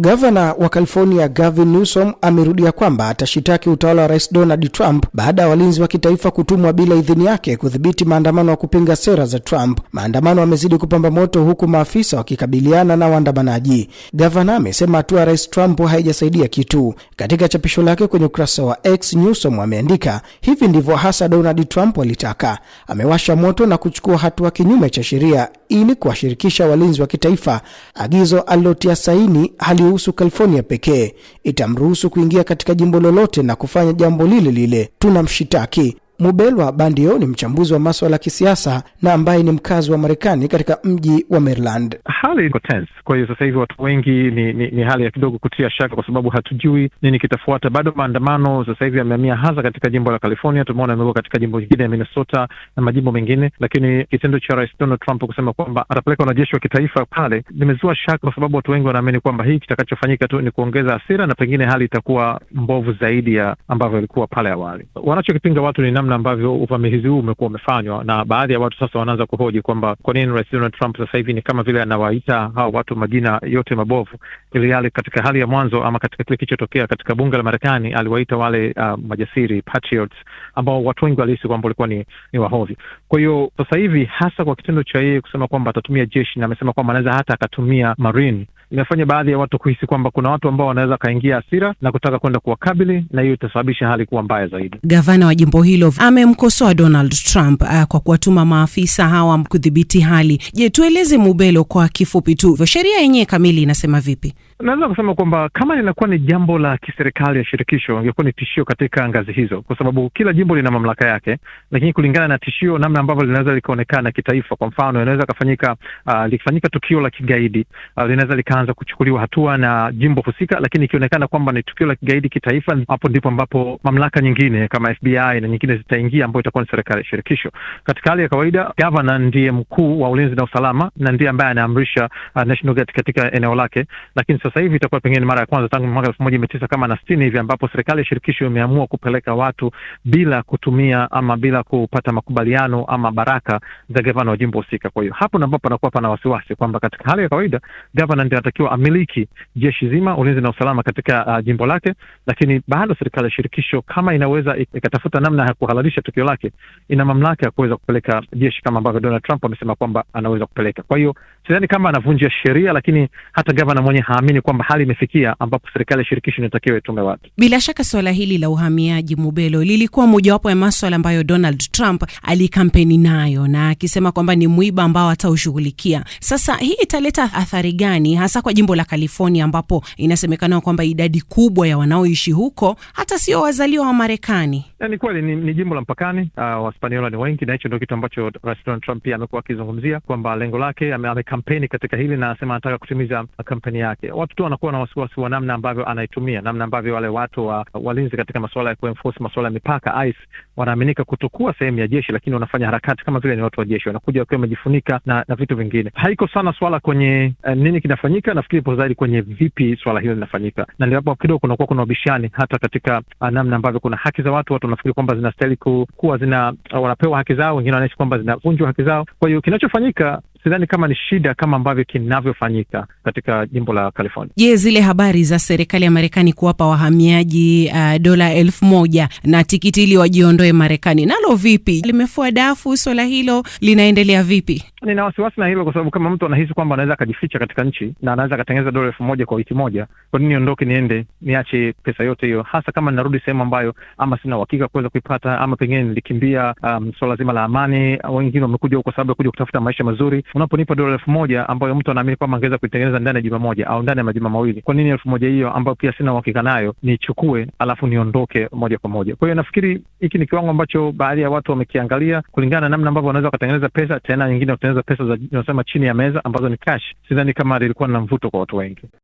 Gavana wa California Gavin Newsom amerudia kwamba atashitaki utawala wa Rais Donald Trump baada ya walinzi wa kitaifa kutumwa bila idhini yake kudhibiti maandamano ya kupinga sera za Trump. Maandamano yamezidi kupamba moto, huku maafisa wakikabiliana na waandamanaji. Gavana amesema hatua ya Rais Trump haijasaidia kitu. Katika chapisho lake kwenye ukurasa wa X, Newsom ameandika hivi ndivyo hasa Donald Trump alitaka. Amewasha moto na kuchukua hatua kinyume cha sheria ili kuwashirikisha walinzi wa kitaifa. Agizo alilotia saini halihusu California pekee, itamruhusu kuingia katika jimbo lolote na kufanya jambo lile lile. Tunamshitaki Mubelwa Bandio ni mchambuzi wa maswala ya kisiasa na ambaye ni mkazi wa Marekani katika mji wa Maryland. Hali iko tense, kwa hiyo sasa hivi watu wengi ni, ni, ni hali ya kidogo kutia shaka, kwa sababu hatujui nini kitafuata. Bado maandamano sasa hivi yamehamia hasa katika jimbo la California, tumeona yamekuwa katika jimbo lingine ya Minnesota na majimbo mengine, lakini kitendo cha Rais Donald Trump kusema kwamba atapeleka wanajeshi wa kitaifa pale limezua shaka, kwa sababu watu wengi wanaamini kwamba hii kitakachofanyika tu ni kuongeza hasira na pengine hali itakuwa mbovu zaidi ya ambavyo ilikuwa pale awali. Wanachokipinga watu ni namna namna ambavyo uvamizi huu umekuwa umefanywa, na baadhi ya watu sasa wanaanza kuhoji kwamba kwa nini Rais Donald Trump sasa hivi ni kama vile anawaita hao watu majina yote mabovu, ili hali katika hali ya mwanzo ama katika kile kilichotokea katika bunge la Marekani aliwaita wale uh, majasiri patriots, ambao watu wengi walihisi kwamba walikuwa ni, ni wahovi. Kwa hiyo sasa hivi hasa kwa kitendo cha yeye kusema kwamba atatumia jeshi na amesema kwamba anaweza hata akatumia marine imefanya baadhi ya watu kuhisi kwamba kuna watu ambao wanaweza wakaingia hasira na kutaka kwenda kuwakabili, na hiyo itasababisha hali kuwa mbaya zaidi. Gavana wa jimbo hilo amemkosoa Donald Trump uh, kwa kuwatuma maafisa hawa kudhibiti hali. Je, tueleze Mubelo kwa kifupi tu, sheria yenyewe kamili inasema vipi? Naweza kusema kwamba kama linakuwa ni jambo la kiserikali ya shirikisho, ingekuwa ni tishio katika ngazi hizo, kwa sababu kila jimbo lina mamlaka yake, lakini kulingana na tishio, namna ambavyo linaweza likaonekana kitaifa. Kwa mfano, inaweza kafanyika uh, ah, likifanyika tukio la kigaidi uh, linaweza likaanza kuchukuliwa hatua na jimbo husika, lakini ikionekana kwamba ni tukio la kigaidi kitaifa, hapo ndipo ambapo mamlaka nyingine kama FBI na nyingine zitaingia, ambayo itakuwa ni serikali ya shirikisho. Katika hali ya kawaida, gavana ndiye mkuu wa ulinzi na usalama na ndiye ambaye anaamrisha uh, national guard katika eneo lake, lakini sasa hivi itakuwa pengine mara ya kwanza tangu mwaka elfu moja mia tisa kama na sitini hivi ambapo serikali ya shirikisho imeamua kupeleka watu bila kutumia ama bila kupata makubaliano ama baraka za gavana wa jimbo husika. Kwa hiyo hapo ndipo panakuwa pana wasiwasi kwamba katika hali ya kawaida gavana ndiye anatakiwa amiliki jeshi zima, ulinzi na usalama katika uh, jimbo lake, lakini bado serikali ya shirikisho kama inaweza ikatafuta namna ya kuhalalisha tukio lake, ina mamlaka ya kuweza kupeleka jeshi kama ambavyo Donald Trump amesema kwamba anaweza kupeleka. Kwa hiyo sidhani kama anavunja sheria, lakini hata gavana mwenyewe haamini tunaamini kwamba hali imefikia ambapo serikali ya shirikisho inatakiwa itume watu. Bila shaka suala hili la uhamiaji, Mubelo, lilikuwa mojawapo ya maswala ambayo Donald Trump alikampeni nayo na akisema kwamba ni mwiba ambao ataushughulikia. Sasa hii italeta athari gani hasa kwa jimbo la California ambapo inasemekana kwamba idadi kubwa ya wanaoishi huko hata sio wazaliwa wa Marekani? Ni kweli ni, ni jimbo la mpakani. Uh, Waspaniola ni wengi, na hicho ndio kitu ambacho Rais Donald Trump pia amekuwa akizungumzia kwamba lengo lake, amekampeni ame katika hili na anasema anataka kutimiza kampeni yake watu tu wanakuwa na wasiwasi wa namna ambavyo anaitumia, namna ambavyo wale watu wa walinzi katika masuala ya kuenforce masuala ya mipaka ICE wanaaminika kutokuwa sehemu ya jeshi, lakini wanafanya harakati kama vile ni watu wa jeshi, wanakuja wakiwa wamejifunika na, na vitu vingine. Haiko sana swala kwenye eh, nini kinafanyika, nafikiri ipo zaidi kwenye vipi swala hilo linafanyika, na ndipo kidogo kunakuwa kuna ubishani hata katika uh, namna ambavyo kuna haki za watu, watu wanafikiri kwamba zinastahili kuwa zina uh, wanapewa haki zao, wengine wanaishi kwamba zinavunjwa haki zao. Kwa hiyo kinachofanyika sidhani kama ni shida kama ambavyo kinavyofanyika katika jimbo la California. Je, zile habari za serikali ya Marekani kuwapa wahamiaji uh, dola elfu moja na tikiti ili wajiondoe Marekani, nalo vipi limefua dafu? Swala hilo linaendelea vipi? Nina wasiwasi na hilo, kwa sababu kama mtu anahisi kwamba anaweza akajificha katika nchi na anaweza akatengeneza dola elfu moja kwa wiki moja, kwa nini niondoke niende niache pesa yote hiyo, hasa kama ninarudi sehemu ambayo ama sina uhakika kuweza kuipata, ama pengine nilikimbia um, swala so zima la amani. Wengine wamekuja huko kwa sababu ya kuja kutafuta maisha mazuri unaponipa dola elfu moja ambayo mtu anaamini kwamba angeweza kuitengeneza ndani ya juma moja au ndani ya majuma mawili, kwa nini elfu moja hiyo ambayo pia sina uhakika nayo nichukue alafu niondoke moja kwa moja? Kwa hiyo nafikiri hiki ni kiwango ambacho baadhi ya watu wamekiangalia kulingana na namna ambavyo wanaweza wakatengeneza pesa, tena nyingine wakatengeneza pesa za unasema chini ya meza ambazo ni cash. Sidhani kama lilikuwa na mvuto kwa watu wengi.